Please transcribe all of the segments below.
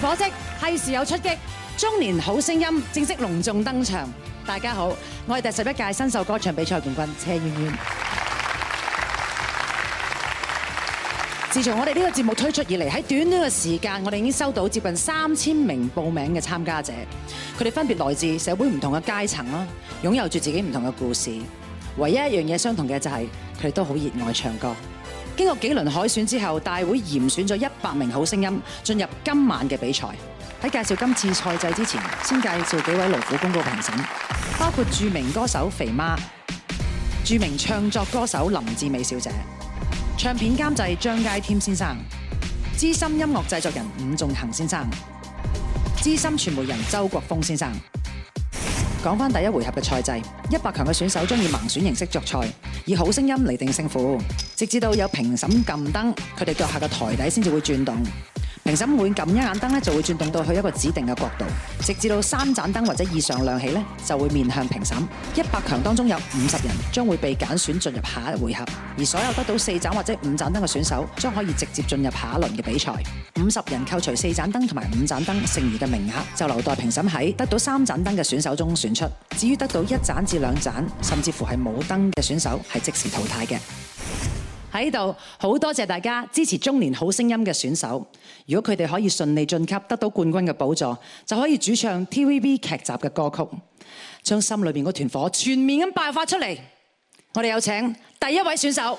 火色係時有出擊，中年好聲音正式隆重登場。大家好，我係第十一屆新秀歌唱比賽冠軍車婉婉。自從我哋呢個節目推出以嚟，喺短短嘅時間，我哋已經收到接近三千名報名嘅參加者，佢哋分別來自社會唔同嘅階層啦，擁有住自己唔同嘅故事。唯一一樣嘢相同嘅就係，佢哋都好熱愛唱歌。經過幾輪海選之後，大會嚴選咗一百名好聲音進入今晚嘅比賽。喺介紹今次賽制之前，先介紹幾位勞苦功高嘅評審，包括著名歌手肥媽、著名唱作歌手林志美小姐、唱片監製張佳添先生、資深音樂製作人伍仲衡先生、資深傳媒人周國豐先生。講翻第一回合嘅賽制，一百強嘅選手將以盲選形式作賽，以好聲音嚟定勝負，直至到有評審撳燈，佢哋腳下嘅台底先至會轉動。評審每撳一眼燈咧，就會轉動到去一個指定嘅角度，直至到三盞燈或者以上亮起咧，就會面向評審。一百強當中有五十人將會被揀選進入下一回合，而所有得到四盞或者五盞燈嘅選手，將可以直接進入下一輪嘅比賽。五十人扣除四盞燈同埋五盞燈剩餘嘅名額，就留待評審喺得到三盞燈嘅選手中選出。至於得到一盞至兩盞，甚至乎係冇燈嘅選手，係即時淘汰嘅。喺度好多謝大家支持《中年好聲音》嘅選手。如果佢哋可以順利晉級，得到冠軍嘅寶座，就可以主唱 TVB 劇集嘅歌曲，將心裏面嗰團火全面咁爆發出嚟。我哋有請第一位選手。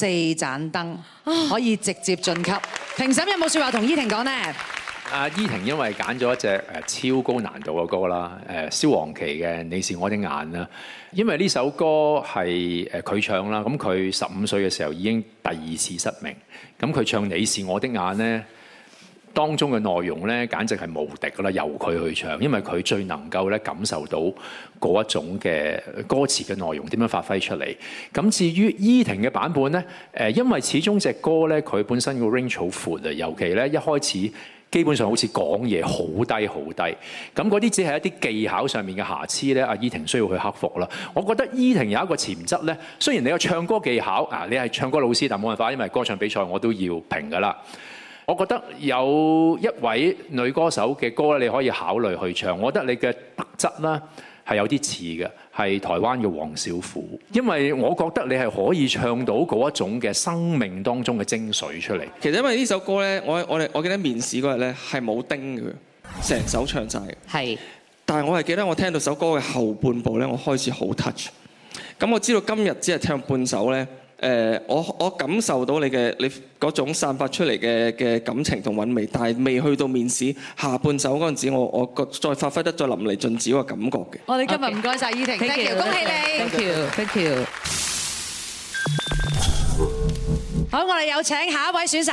四盞燈可以直接晉級， 評審有冇説話同依婷講呢？阿依婷因為揀咗一隻誒超高難度嘅歌啦，誒蕭煌奇嘅《你是我的眼》啦，因為呢首歌係誒佢唱啦，咁佢十五歲嘅時候已經第二次失明，咁佢唱《你是我的眼》呢。當中嘅內容咧，簡直係無敵㗎啦！由佢去唱，因為佢最能夠咧感受到嗰一種嘅歌詞嘅內容點樣發揮出嚟。咁至於依婷嘅版本咧，誒，因為始終隻歌咧，佢本身個 range 好闊啊，尤其咧一開始基本上好似講嘢好低好低。咁嗰啲只係一啲技巧上面嘅瑕疵咧，阿依婷需要去克服啦。我覺得依婷有一個潛質咧，雖然你有唱歌技巧啊，你係唱歌老師，但冇辦法，因為歌唱比賽我都要評㗎啦。我覺得有一位女歌手嘅歌，你可以考慮去唱。我覺得你嘅特質呢係有啲似嘅，係台灣嘅黃小琥。因為我覺得你係可以唱到嗰一種嘅生命當中嘅精髓出嚟。其實因為呢首歌呢，我我，我記得面試嗰日咧係冇叮嘅，成首唱曬。但係我係記得我聽到首歌嘅後半部呢，我開始好 touch、嗯。我知道今日只係唱半首呢。誒，我我感受到你嘅你嗰種散發出嚟嘅嘅感情同韻味，但係未去到面試下半首嗰陣時我，我我覺再發揮得再淋漓盡致嗰個感覺嘅。我哋今日唔該曬，依婷，thank you，恭喜你，thank you，thank you。謝謝。好，我哋有請下一位選手。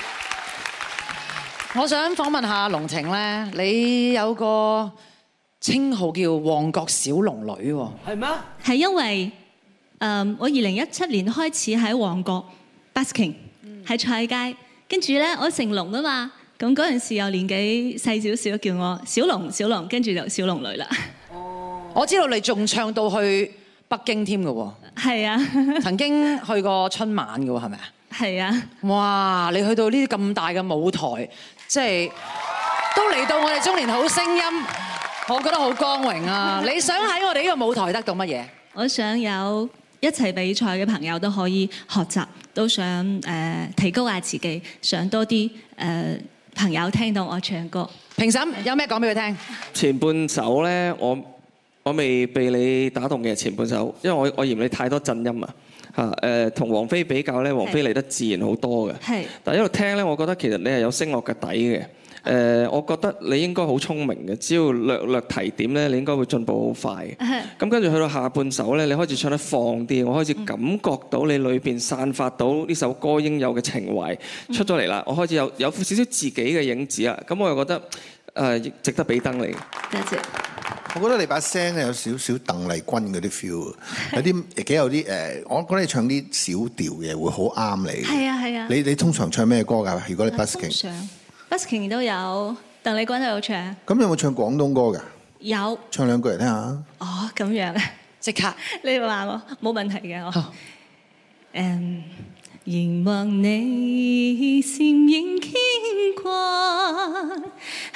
我想訪問下龍婷咧，你有個稱號叫旺角小龍女喎？係咩？係因為誒，我二零一七年開始喺旺角 busking，喺菜街，跟住咧我姓龍啊嘛，咁嗰陣時又年紀細少少，叫我小龍小龍，跟住就小龍女啦。哦，我知道你仲唱到去北京添㗎喎。係啊，曾經去過春晚㗎喎，係咪啊？係啊！哇，你去到呢啲咁大嘅舞台～即係都嚟到我哋中年好聲音，我覺得好光榮啊！你想喺我哋呢個舞台得到乜嘢？我想有一齊比賽嘅朋友都可以學習，都想誒提高下自己，想多啲誒朋友聽到我唱歌。評審有咩講俾佢聽？前半首咧，我我未被你打動嘅前半首，因為我我嫌你太多震音啊。嚇！誒同王菲比較咧，王菲嚟得自然好多嘅。係，但係一路聽咧，我覺得其實你係有聲樂嘅底嘅。誒，我覺得你應該好聰明嘅。只要略略提點咧，你應該會進步好快。咁跟住去到下半首咧，你開始唱得放啲，我開始感覺到你裏邊散發到呢首歌應有嘅情懷出咗嚟啦。我開始有有少少自己嘅影子啊！咁我又覺得誒值得俾燈你。多謝。我覺得你把聲有少少鄧麗君嗰啲 feel，有啲幾有啲誒，我覺得你唱啲小調嘅會好啱你，你。係啊係啊！你你通常唱咩歌㗎？如果你 busking，busking 都有，鄧麗君都有唱。咁有冇唱廣東歌㗎？有。唱兩句嚟聽下。哦，咁樣啊！即刻， 你話我冇問題嘅我。嗯，凝望你，倩影經過。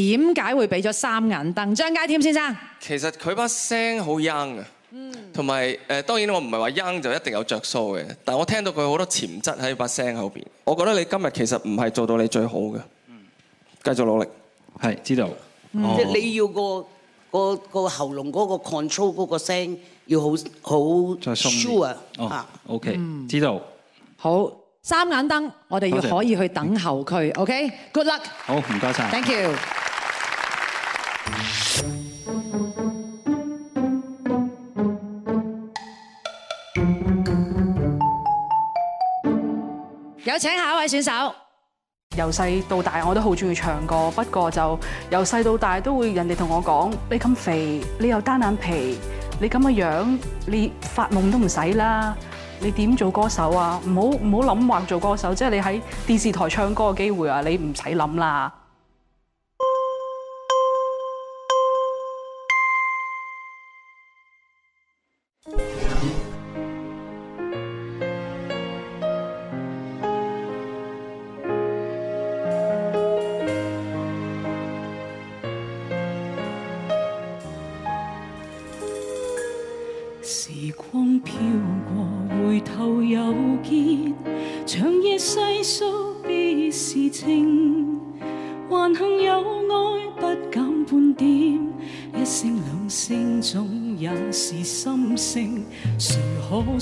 點解會俾咗三眼燈？張佳添先生，其實佢把聲好 young 啊，嗯，同埋誒當然我唔係話 young 就一定有着數嘅，但我聽到佢好多潛質喺把聲後邊。我覺得你今日其實唔係做到你最好嘅，嗯，繼續努力，嗯，努力，係知道。即係你要、嗰個個個、嗯、喉嚨嗰個 control 嗰個聲要再一點一點點、哦、好好 sure，嚇，OK，知道。好，三眼燈，我哋要可以去等候區，OK，good luck。好，唔該晒。thank you。有請下一位選手。由細到大，我都好中意唱歌，不過就由細到大都會人哋同我講：你咁肥，你又單眼皮，你咁嘅樣，你發夢都唔使啦！你點做歌手啊？唔好唔好諗話做歌手，即係你喺電視台唱歌嘅機會啊！你唔使諗啦。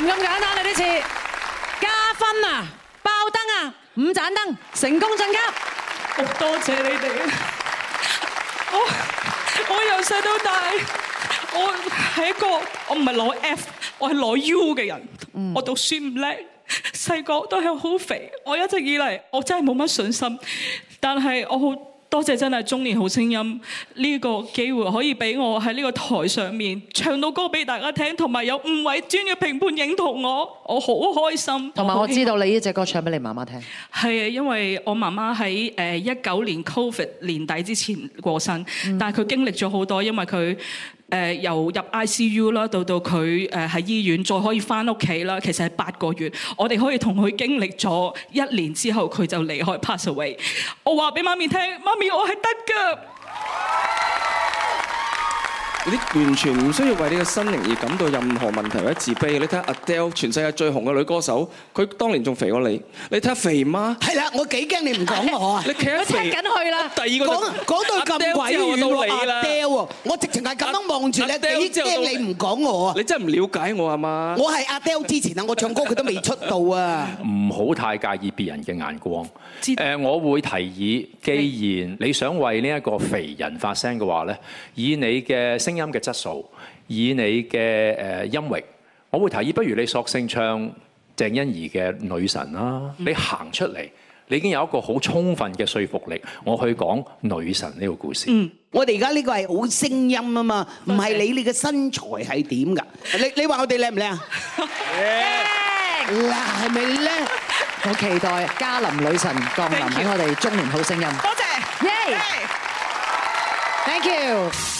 咁簡單啦！呢次加分啊，爆燈啊，五盞燈，成功晉級。好多謝你哋。我我由細到大，我係一個我唔係攞 F，我係攞 U 嘅人。我讀書唔叻，細個都係好肥。我一直以嚟，我真係冇乜信心。但係我好。.多謝真係中年好聲音呢個機會，可以俾我喺呢個台上面唱到歌俾大家聽，同埋有，有五位專業評判認同我，我好開心。同埋我知道你呢隻歌唱俾你媽媽聽，係因為我媽媽喺誒一九年 Covid 年底之前過身，嗯，但佢經歷咗好多，因為佢。誒由入 ICU 啦，到到佢誒喺醫院，再可以翻屋企啦。其實係八個月，我哋可以同佢經歷咗一年之後，佢就離開 pass away。開我話俾媽咪聽，媽咪我係得㗎。你完全唔需要為你嘅身型而感到任何問題或者自卑。你睇下 Adele，全世界最紅嘅女歌手，佢當年仲肥過你。你睇下肥媽。係啦，我幾驚你唔講我啊！你企喺度聽緊去啦。第二個講講到咁鬼遠，Adele 知我到你啦。Adele, 我直情係咁樣望住你，幾驚你唔講我啊！你真係唔了解我啊嘛！我係 Adele 之前啊，我唱歌佢都未出道啊。唔 好太介意別人嘅眼光。誒，uh, 我會提議，既然你想為呢一個肥人發聲嘅話咧，以你嘅聲音嘅質素，以你嘅誒音域，我會提議不如你索性唱鄭欣宜嘅《女神》啦。你行出嚟，你已經有一個好充分嘅說服力。我去講《女神》呢個故事。嗯，我哋而家呢個係好聲音啊嘛，唔係你你嘅身材係點噶？你你話我哋靚唔靚？靚，嗱係咪靚？好期待泇霖女神降臨俾我哋中年好聲音。多謝，耶，Thank you。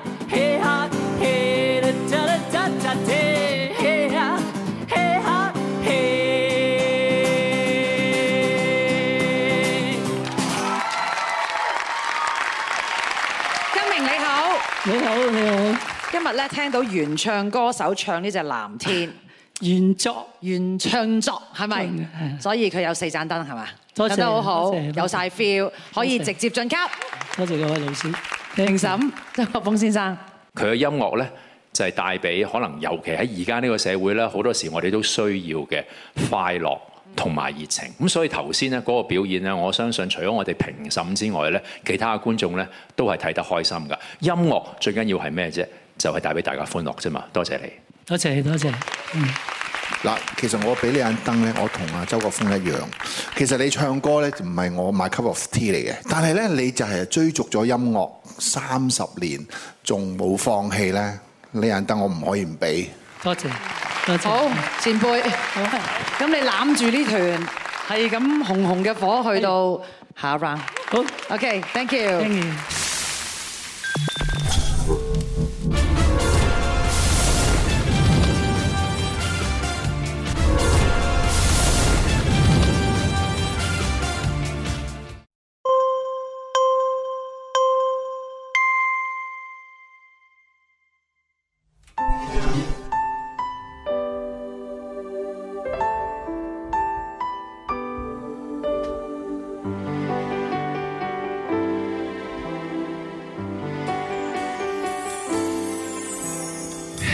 咧聽到原唱歌手唱呢隻《藍天》原作原唱作係咪？所以佢有四盞燈係嘛？做得好好，謝謝有晒 feel，可以直接進級。多謝，謝各位老師評審，周國豐先生。佢嘅音樂咧就係帶俾可能，尤其喺而家呢個社會咧，好多時我哋都需要嘅快樂同埋熱情。咁所以頭先呢嗰個表演咧，我相信除咗我哋評審之外咧，其他嘅觀眾咧都係睇得開心㗎。音樂最緊要係咩啫？就係帶俾大家歡樂啫嘛，多謝你，多謝多謝。嗯，嗱，其實我俾呢盞燈咧，我同阿周國豐一樣。其實你唱歌咧，就唔係我 my cup of tea 嚟嘅，但係咧，你就係追逐咗音樂三十年，仲冇放棄咧。呢盞燈我唔可以唔俾。多謝，好，前輩，好，咁你攬住呢團，係咁紅紅嘅火去到下 round。好，OK，Thank you。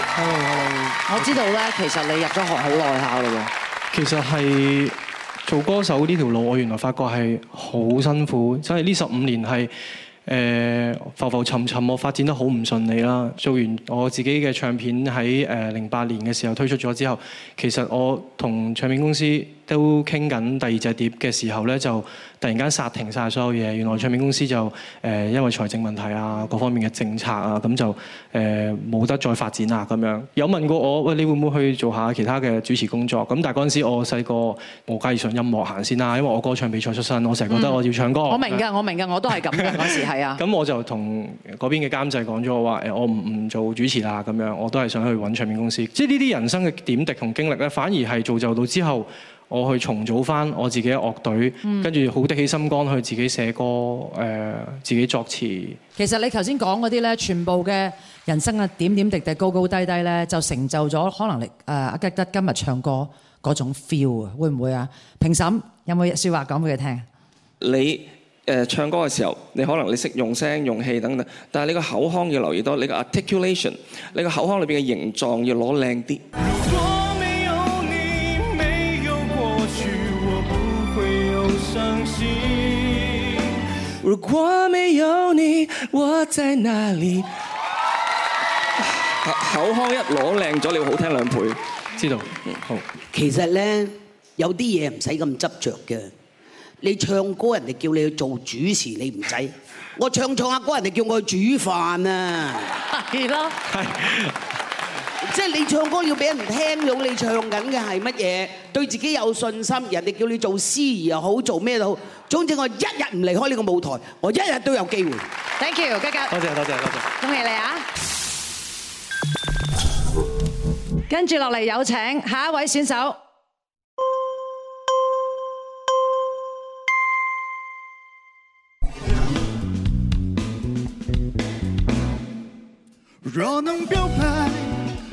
我知道咧，其實你入咗行好耐下咯喎。其實係做歌手呢條路，我原來發覺係好辛苦，所以呢十五年係誒浮浮沉沉，我發展得好唔順利啦。做完我自己嘅唱片喺誒零八年嘅時候推出咗之後，其實我同唱片公司，都傾緊第二隻碟嘅時候呢，就突然間殺停晒所有嘢。原來唱片公司就、呃、因為財政問題啊，各方面嘅政策啊，咁就呃、冇得再發展啦咁樣。有問過我喂，你會唔會去做下其他嘅主持工作？咁但係嗰陣時我細個，我介意上音樂行先啦，因為我歌唱比賽出身，我成日覺得我要唱歌。我明㗎，我明㗎，我都係咁㗎，嗰時係啊。咁我就同嗰邊嘅監製講咗話誒，我唔唔做主持啦，咁樣我都係想去揾唱片公司。即係呢啲人生嘅點滴同經歷呢，反而係造就到之後。我去重組翻我自己嘅樂隊，跟住好得起心肝去自己寫歌，誒自己作詞。其實你頭先講嗰啲咧，全部嘅人生啊，點點滴滴、高高低低咧，就成就咗可能你誒阿吉吉今日唱歌嗰種 feel 啊，會唔會啊？評審有冇説話講俾佢聽？你誒唱歌嘅時候，你可能你識用聲、用氣等等，但係你個口腔要留意多，你個 articulation，你個口腔裏邊嘅形狀要攞靚啲。如果沒有你，我在哪裏？口腔一攞靚咗，你好聽兩倍，知道？好。其實咧，有啲嘢唔使咁執着嘅。你唱歌人哋叫你去做主持，你唔使。我唱唱下歌，人哋叫我去煮飯啊，係咯。即係你唱歌要俾人聽到你唱緊嘅係乜嘢，對自己有信心，人哋叫你做司儀又好，做咩都好，總之我一日唔離開呢個舞台，我一日都有機會。Thank you，吉吉。多謝多謝多謝，恭喜你啊！跟住落嚟有請下一位選手。若能表白。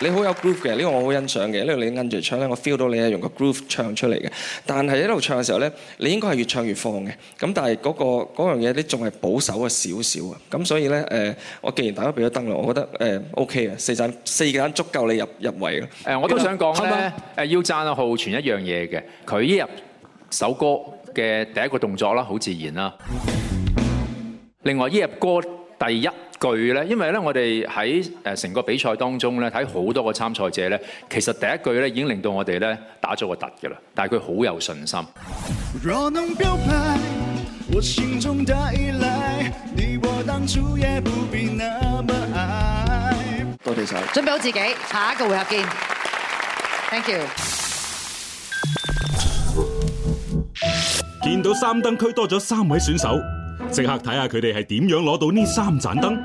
你好有 groove 嘅，呢個我好欣賞嘅，呢個你摁住唱咧，我 feel 到你係用個 groove 唱出嚟嘅。但係一路唱嘅時候咧，你應該係越唱越放嘅。咁但係嗰、嗰個嗰樣嘢咧，仲係保守咗少少啊。咁所以咧，誒、呃，我既然大家俾咗燈啦，我覺得誒 O K 啊，四盞四個燈足夠你入入圍咯。誒、呃，我都想講咧，誒要讚阿浩，全一樣嘢嘅，佢呢入首歌嘅第一個動作啦，好自然啦。另外呢入歌第一。句咧，因為咧，我哋喺誒成個比賽當中咧，睇好多個參賽者咧，其實第一句咧已經令到我哋咧打咗個突嘅啦，但係佢好有信心。若能表白我心中的依賴，你我當初也不必那麼愛。多謝晒，準備好自己，下一個回合見。Thank you。見到三燈區多咗三位選手。即刻睇下佢哋係點樣攞到呢三盞燈。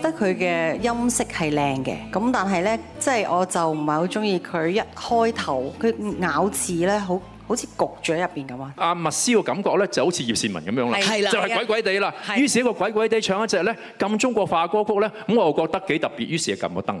覺得佢嘅音色係靚嘅，咁但係咧，即係我就唔係好中意佢一開頭佢咬字咧，好好似焗咗喺入邊咁啊！阿麥斯個感覺咧就好似葉倩文咁樣啦，就係鬼鬼地啦。於是一個鬼鬼地唱一隻咧咁中國化歌曲咧，咁我又覺得幾特別，於是就撳個燈。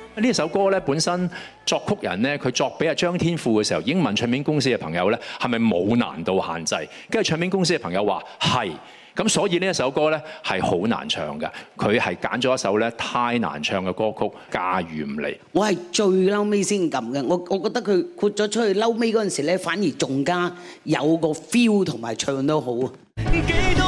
呢首歌咧，本身作曲人咧，佢作俾阿張天賦嘅時候，英文唱片公司嘅朋友咧，係咪冇難度限制？跟住唱片公司嘅朋友話係，咁所以呢一首歌咧係好難唱嘅，佢係揀咗一首咧太難唱嘅歌曲，駕馭唔嚟。我係最嬲尾先撳嘅，我我覺得佢豁咗出去嬲尾嗰陣時咧，反而仲加有個 feel 同埋唱得好啊！幾多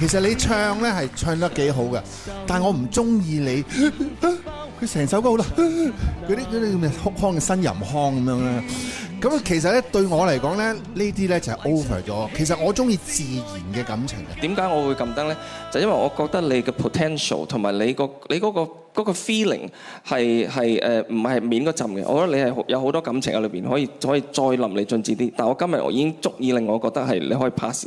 其實你唱咧係唱得幾好嘅，但係我唔中意你，佢成首歌好多嗰啲嗰啲咩哭腔嘅呻吟腔咁樣咧。咁其實咧對我嚟講咧，呢啲咧就係 over 咗。其實我中意自然嘅感情嘅。點解我會咁得咧？就因為我覺得你嘅 potential 同埋你個你嗰個嗰個 feeling 係係誒唔係免嗰浸嘅。我覺得你係有好多感情喺裏邊可以可以再淋漓盡致啲。但係我今日我已經足以令我覺得係你可以 pass。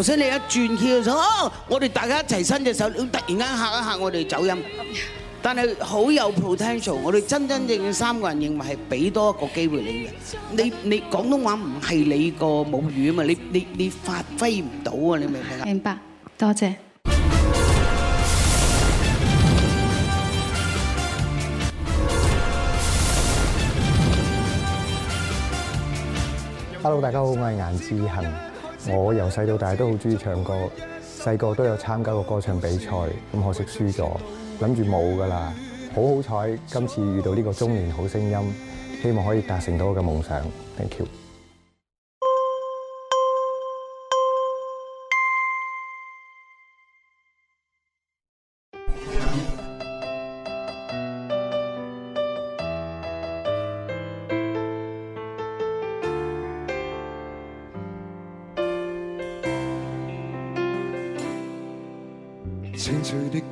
頭先你一轉起嘅時候，哦！我哋大家一齊伸隻手，都突然間嚇一嚇我哋走音。但係好有 potential，我哋真真正正三個人認為係俾多一個機會你嘅。你你廣東話唔係你個母語啊嘛，你你你發揮唔到啊，你明唔明啊？明白，多謝。Hello，大家好，我係顏志恒。我由細到大都好中意唱歌，細個都有參加過歌唱比賽，咁可惜輸咗，諗住冇㗎喇，好好彩今次遇到呢個中年好聲音，希望可以達成到我嘅夢想，Thank you。謝謝。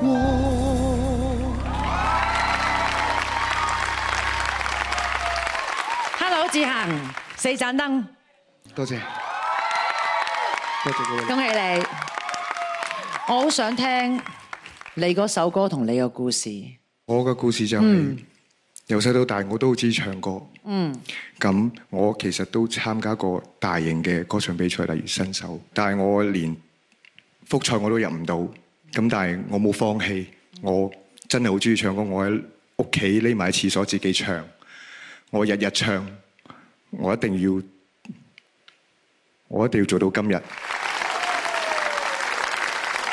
Hello，志恒，四盞燈，多謝，多謝，恭喜你。我好想聽你嗰首歌同你個故事。我個故事就係由細到大我都好中意唱歌。嗯，咁我其實都參加過大型嘅歌唱比賽，例如新手，但係我連複賽我都入唔到。咁但係我冇放棄，我真係好中意唱歌。我喺屋企匿埋喺廁所自己唱，我日日唱，我一定要，我一定要做到今日。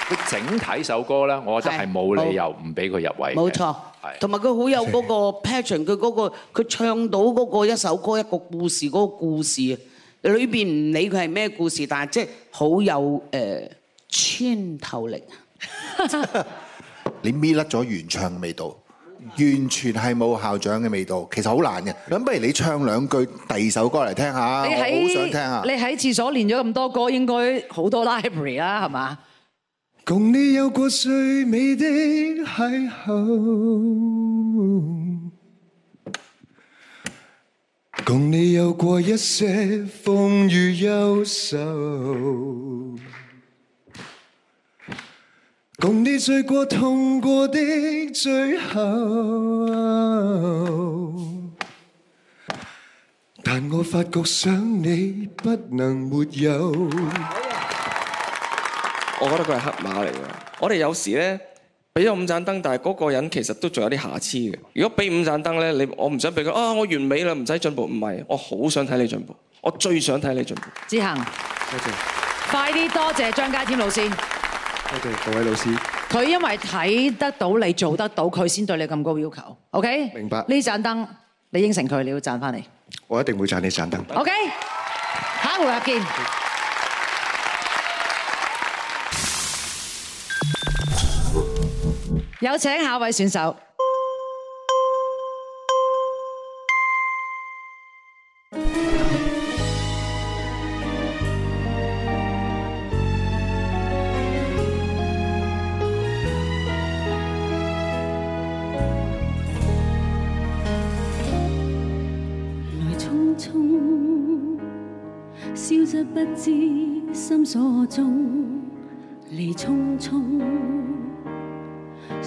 佢整體首歌呢，我真係冇理由唔俾佢入位。冇錯，同埋佢好有嗰個 patron，佢嗰個佢唱到嗰個一首歌一個故事嗰、嗰個故事裏邊，唔理佢係咩故事，但係即係好有誒穿透力。你搣甩咗原唱味道，完全係冇校長嘅味道。其實好難嘅，咁不如你唱兩句第二首歌嚟聽下，我好想聽啊！你喺廁所練咗咁多歌，應該好多 library 啊，係嘛？共你有過最美的邂逅，共你有過一些風雨憂愁，同你醉過痛過的最後，但我發覺想你不能沒有。我覺得佢係黑馬嚟㗎。我哋有時咧俾咗五盞燈，但係嗰個人其實都仲有啲瑕疵嘅。如果俾五盞燈咧，你我唔想俾佢啊！我完美啦，唔使進步。唔係，我好想睇你進步，我最想睇你進步。志恒，多謝，快啲多謝張佳添老師。多謝各位老師，佢因為睇得到你做得到，佢先對你咁高要求。OK，明白。呢盞燈，你應承佢，你要賺翻嚟。我一定會賺呢盞燈。OK，下一回合見。有請下一位選手。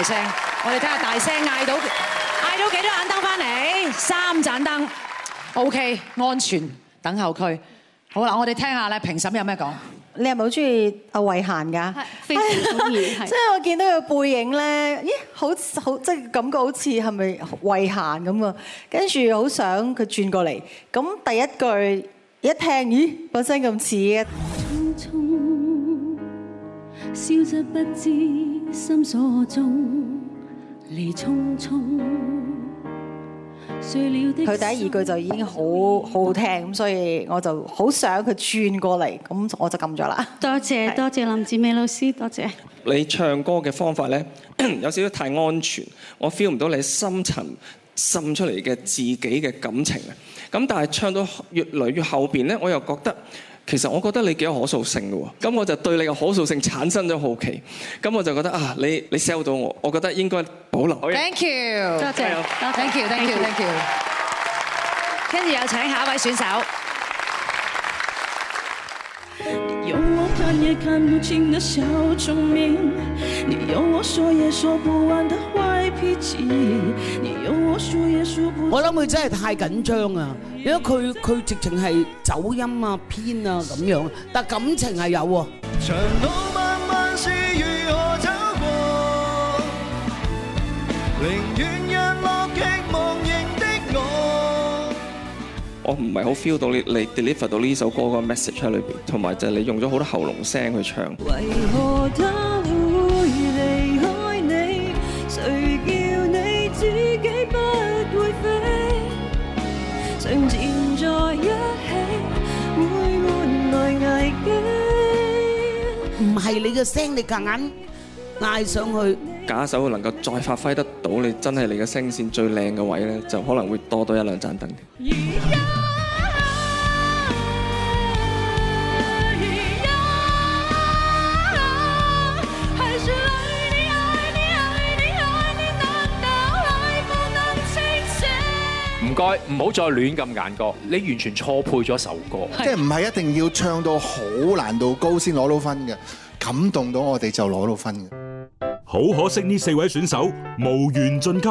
大聲，我哋睇下大聲嗌，到嗌到幾多盞燈翻嚟？三盞燈，OK，安全等候區。好啦，我哋聽下咧，評審有咩講？你係咪好中意阿慧嫻噶？非常中意。即係我見到佢個背影咧，咦，好好，即係感覺好似係咪慧嫻咁啊？跟住好想佢轉過嚟。咁第一句一聽，咦，本身咁似。心所中，離匆匆，碎了的心。佢第一二句就已經好好聽，所以我就好想佢轉過嚟，咁我就撳咗啦。多謝，多謝林志美老師，多謝。你唱歌嘅方法咧，有少少太安全，我 feel 唔到你深層滲出嚟嘅自己嘅感情啊。咁但係唱到越嚟越後邊咧，我又覺得。其實我覺得你幾有可塑性嘅喎，咁我就對你嘅可塑性產生咗好奇，咁我就覺得啊，你你 sell 到我，我覺得應該保留。Thank you，多謝，多謝，Thank you，Thank you，Thank you。跟住有請下一位選手。看也看不清的小聰明，你有我說也說不完的壞脾氣，你有我數也數不，我諗佢真係太緊張啊，因為佢佢直情係走音啊、偏啊咁樣，但感情係有啊。長我唔係好 feel 到你 deliver 到呢首歌個 message 喺裏邊，同埋就係你用咗好多喉嚨聲去唱。唔係你嘅聲，你夾硬拉上去，假手能夠再發揮得到你真係你嘅聲線最靚嘅位咧，就可能會多多一兩盞燈。唔好再亂咁眼角，你完全錯配咗首歌，即係唔係一定要唱到好難度高先攞到分嘅，感動到我哋就攞到分嘅。好可惜，呢四位選手無緣晉級。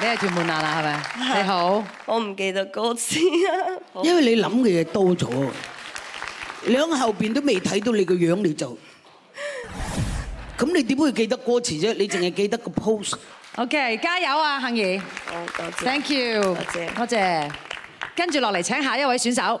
你係屯門娜娜啦，係咪？你好，我唔記得歌詞啊。因為你諗嘅嘢多咗，你喺後邊都未睇到你個樣，你就咁你點會記得歌詞啫？你淨係記得個 pose。OK，加油啊，幸兒！多謝。Thank you。多謝。跟住落嚟，請下一位選手。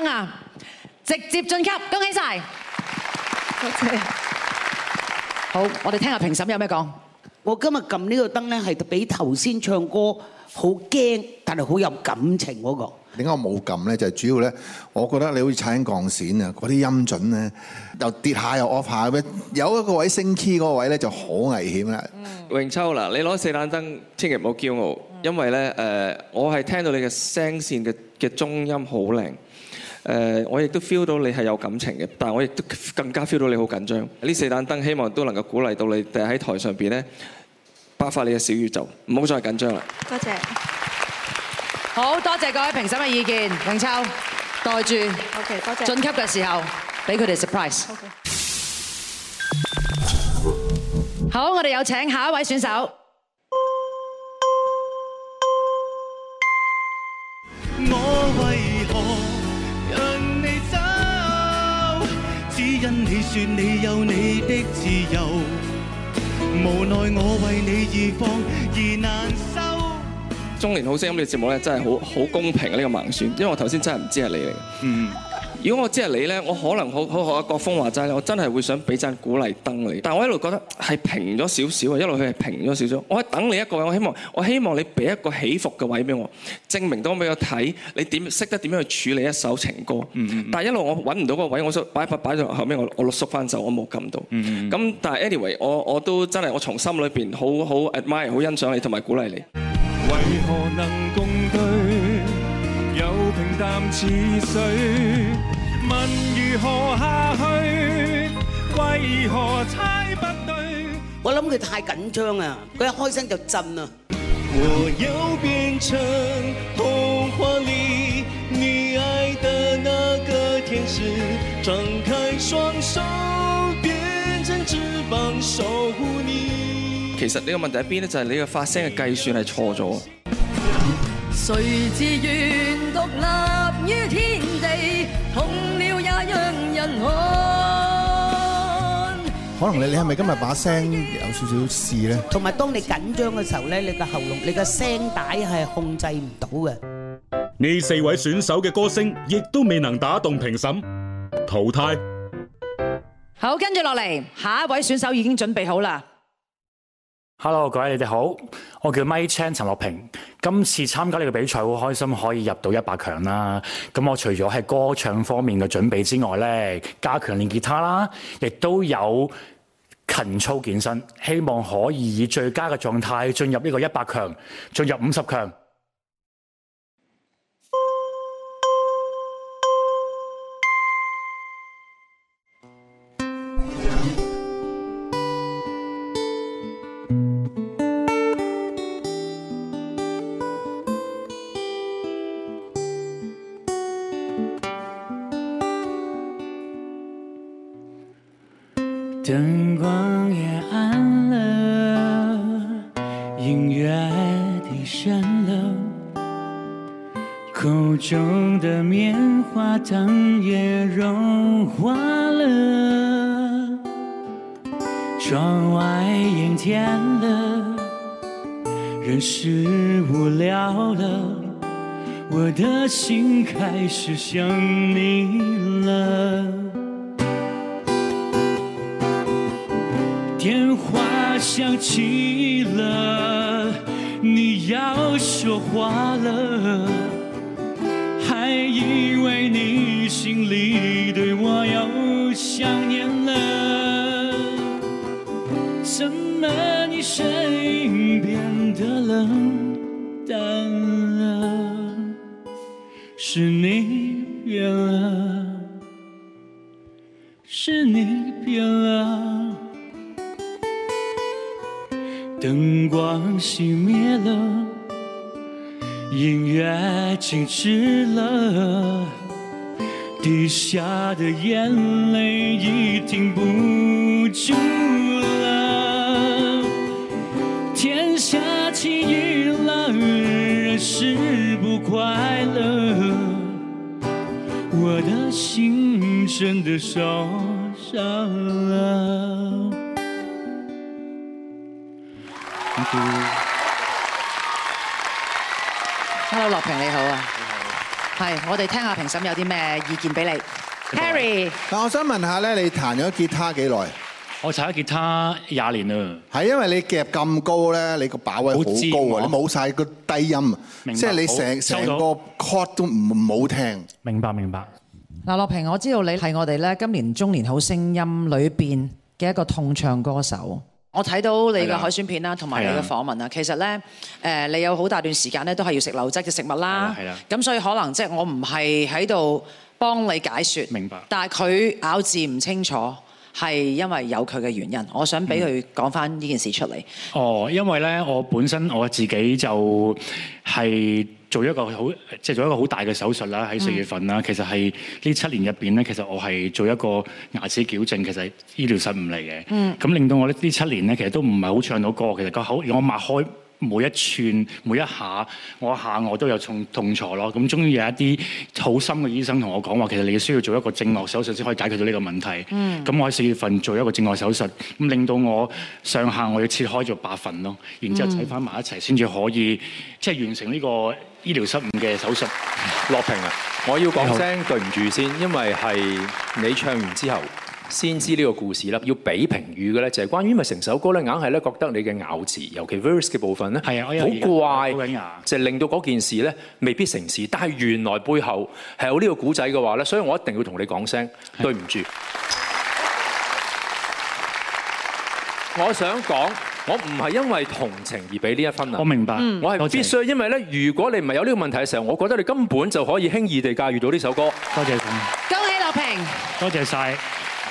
燈啊，直接晉級，恭喜晒！多謝。好，我哋聽下評審有咩講。我今日撳呢個燈咧，係俾頭先唱歌好驚，但係好有感情嗰個。點解我冇撳咧？就係主要咧，我覺得你好似踩緊鋼線啊，嗰啲音準咧又跌下又 off 下嘅。有一個位升 key 嗰個位咧就好危險啦。穎秋嗱，你攞四盞燈，千祈唔好驕傲，因為咧誒，我係聽到你嘅聲線嘅嘅中音好靚。誒，我亦都 feel 到你係有感情嘅，但係我亦都更加 feel 到你好緊張。呢四盞燈，希望都能夠鼓勵到你哋喺台上邊呢，發揮你嘅小宇宙，唔好再緊張啦。多謝，好多謝各位評審嘅意見。穎秋，待住。OK，多謝。晉級嘅時候，俾佢哋 surprise。好，我哋有請下一位選手。我為何？只因你說你有你的自由，無奈我為你而放而難收。中年好聲音呢個節目咧，真係好好公平啊！呢個盲選，因為我頭先真係唔知係你嚟嘅。嗯。如果我知係你咧，我可能好好學阿國豐話齋咧，我真係會想俾盞鼓勵燈你。但係我一路覺得係平咗少少，一路佢係平咗少少。我係等你一個，我希望我希望你俾一個起伏嘅位俾我，證明到俾我睇你點識得點樣去處理一首情歌。嗯嗯但係一路我揾唔到個位，我想擺一擺喺後尾，我我縮翻手我冇撳到。咁、嗯嗯、但係 anyway，我我都真係我從心裏邊好好 admire 好欣賞你同埋鼓勵你。為何能共？平淡似水，問如何下去，為何猜不對。我諗佢太緊張啊，佢一開聲就震啊。我要變成童話裏你愛的那個天使，張開雙手變成翅膀守護你。其實呢個問題喺邊呢？就係你嘅發聲嘅計算係錯咗。誰自願獨立於天地？痛了也讓人看。可能你你係咪今日把聲有少少事咧？同埋當你緊張嘅時候咧，你個喉嚨、你個聲帶係控制唔到嘅。呢四位選手嘅歌聲亦都未能打動評審，淘汰。好，跟住落嚟，下一位選手已經準備好啦。hello，各位你哋好，我叫 May Chan 陳樂平，今次參加呢個比賽好開心，可以入到一百強啦。咁我除咗喺歌唱方面嘅準備之外咧，加強練吉他啦，亦都有勤操健身，希望可以以最佳嘅狀態進入呢個一百強，進入五十強。Hello，樂平你好啊，係，我哋聽下評審有啲咩意見俾你，Harry。但係我想問下咧，你彈咗吉他幾耐？我彈咗吉他廿年啦。係因為你夾咁高咧，你個把位好高啊，你冇晒個低音，即係你成成個 note 都唔唔好聽明。明白明白。嗱，樂平，我知道你係我哋咧今年中年好聲音裏邊嘅一個痛唱歌手。我睇到你嘅海選片啦，同埋你嘅訪問啦。其實呢，你有好大段時間呢都係要食流質嘅食物啦。係咁，所以可能即係我唔係喺度幫你解說。明白。但係佢咬字唔清楚。係因為有佢嘅原因，我想俾佢講翻呢件事出嚟，嗯。哦，因為咧，我本身我自己就係做一個好，即係做一個好大嘅手術啦，喺四月份啦，嗯。其實係呢七年入邊咧，其實我係做一個牙齒矯正，其實醫療失誤嚟嘅。嗯，咁令到我咧呢七年咧，其實都唔係好唱到歌。其實個口我擘開。每一寸、每一下，我一下我都有痛痛楚咯。咁終於有一啲好心嘅醫生同我講話，其實你需要做一個正外手術先可以解決到呢個問題。咁、嗯、我喺四月份做一個正外手術，咁令到我上下我要切開咗八份咯，然之後砌翻埋一齊先至可以、嗯、即係完成呢個醫療失誤嘅手術。樂平啊，我要講聲對唔住先，因為係你唱完之後。先知呢個故事啦，要俾評語嘅咧，就係關於咪成首歌咧，硬係咧覺得你嘅咬字，尤其 verse 嘅部分咧，係啊，我有啲好奇怪，就係令到嗰件事咧未必成事。但係原來背後係有呢個古仔嘅話咧，所以我一定要同你講聲對唔住。我想講，我唔係因為同情而俾呢一分啊。我明白，我係必須，因為咧，如果你唔係有呢個問題嘅時候，我覺得你根本就可以輕易地駕馭到呢首歌。多謝咁，恭喜劉平，多謝晒。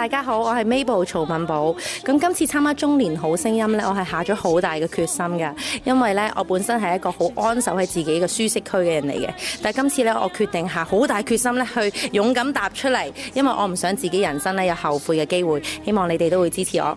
大家好，我係 Mabel 曹敏寶。咁今次參加中年好聲音咧，我係下咗好大嘅決心噶，因為咧我本身係一個好安守喺自己嘅舒適區嘅人嚟嘅，但係今次咧我決定下好大嘅決心咧去勇敢踏出嚟，因為我唔想自己人生咧有後悔嘅機會，希望你哋都會支持我。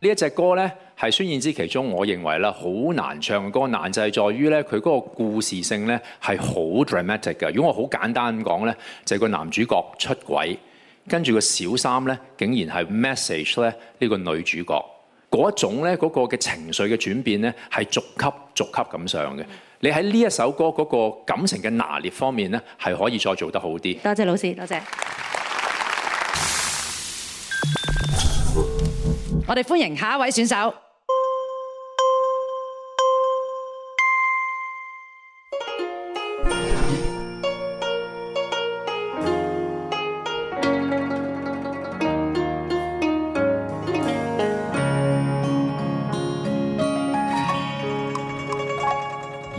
呢一隻歌呢，係孫燕姿其中，我認為呢好難唱嘅歌，難就係在於呢佢嗰個故事性呢係好 dramatic 嘅。如果我好簡單咁講呢，就係個男主角出軌，跟住個小三呢竟然係 message 呢呢個女主角，嗰種呢嗰個嘅情緒嘅轉變呢係逐級逐級咁上嘅。你喺呢一首歌嗰個感情嘅拿捏方面呢，係可以再做得好啲。多謝老師，多謝。我哋歡迎下一位選手。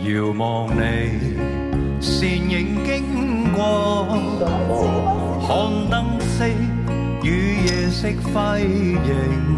遙望你倩影經過，看燈飾與夜色輝映。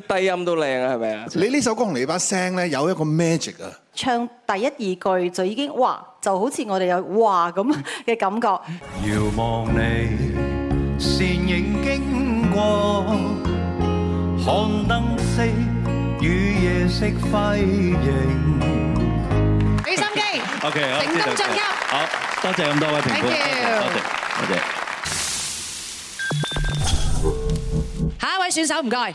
啲低音都靚啊，係咪啊？你呢首歌同你把聲咧有一個 magic 啊！唱第一二句就已經哇，就好似我哋有話咁嘅感覺。遙望你倩影經過，看燈色與夜色輝映。俾心機。OK，好，謝謝大家。好多謝咁多位評判。Thank you。好嘅，好嘅。下一位選手，唔該。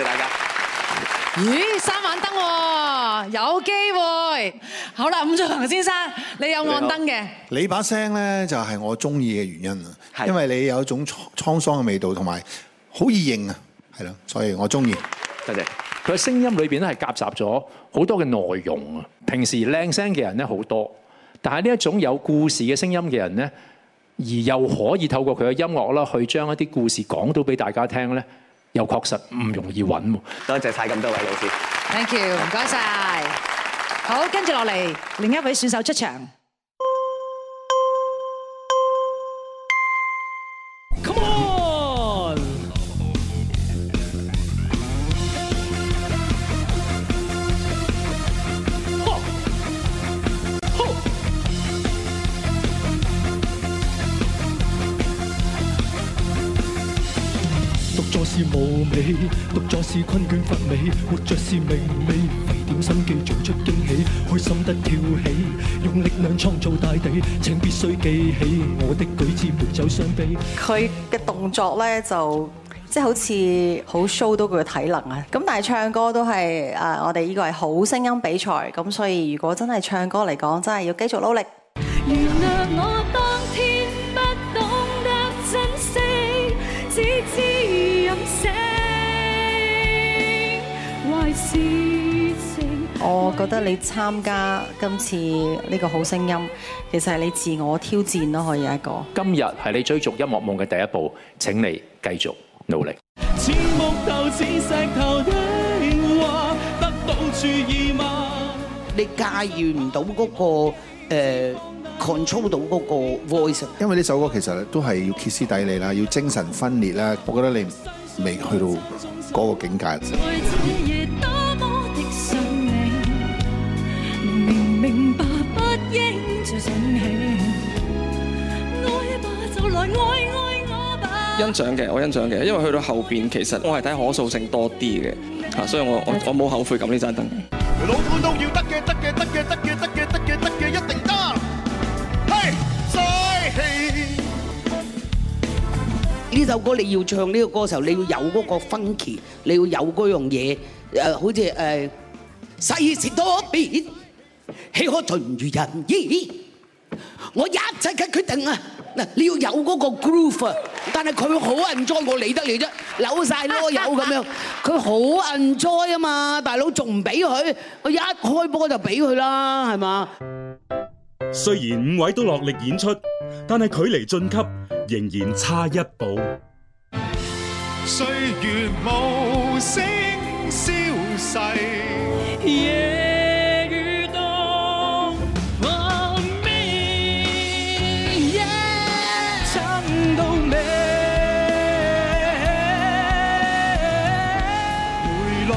多謝，謝大家。咦，三晚燈喎，有機會。好啦，伍仲衡先生，你有按燈嘅？你把聲咧就係我中意嘅原因啊。係。因為你有一種滄桑嘅味道，同埋好易認啊，係咯。所以我中意。多謝，謝。佢嘅聲音裏邊咧係夾雜咗好多嘅內容啊。平時靚聲嘅人咧好多，但係呢一種有故事嘅聲音嘅人咧，而又可以透過佢嘅音樂啦，去將一啲故事講到俾大家聽咧。又確實唔容易揾喎，多謝晒咁多位老師。Thank you，唔該晒。好，跟住落嚟，另一位選手出場。獨在是困倦乏味，活着是明媚，費點心機做出驚喜，開心得跳起，用力量創造大地，請必須記起我的舉止沒走傷悲。佢嘅動作咧就即係好似好 show 到佢嘅體能啊！咁但係唱歌都係誒，我哋呢個係好聲音比賽，咁所以如果真係唱歌嚟講，真係要繼續努力。我覺得你參加今次呢個好聲音，其實係你自我挑戰咯，可以一個。今日係你追逐音樂夢嘅第一步，請你繼續努力。你駕馭唔到嗰個誒 control 到嗰個 voice？因為呢首歌其實都係要歇斯底里啦，要精神分裂啦，我覺得你未去到嗰個境界。欣賞嘅，我欣賞嘅，因為去到後邊，其實我係睇可塑性多啲嘅，啊，所以我我我冇後悔噉，呢盞燈。老闆都要得嘅，得嘅，得嘅，得嘅，得嘅，得嘅，得嘅，一定得！嘿，再氣呢首歌，你要唱呢個歌嘅時候，你要有嗰個分歧，你要有嗰樣嘢，誒，好似誒，世事多變，豈可盡如人意？我一切嘅決定啊！嗱，你要有嗰個 groove，但係佢好 enjoy 我理得你啫，扭曬囉柚咁樣，佢好 enjoy 啊嘛，大佬仲唔俾佢？我一開波就俾佢啦，係嘛？雖然五位都落力演出，但係距離晉級仍然差一步。歲月無聲消逝。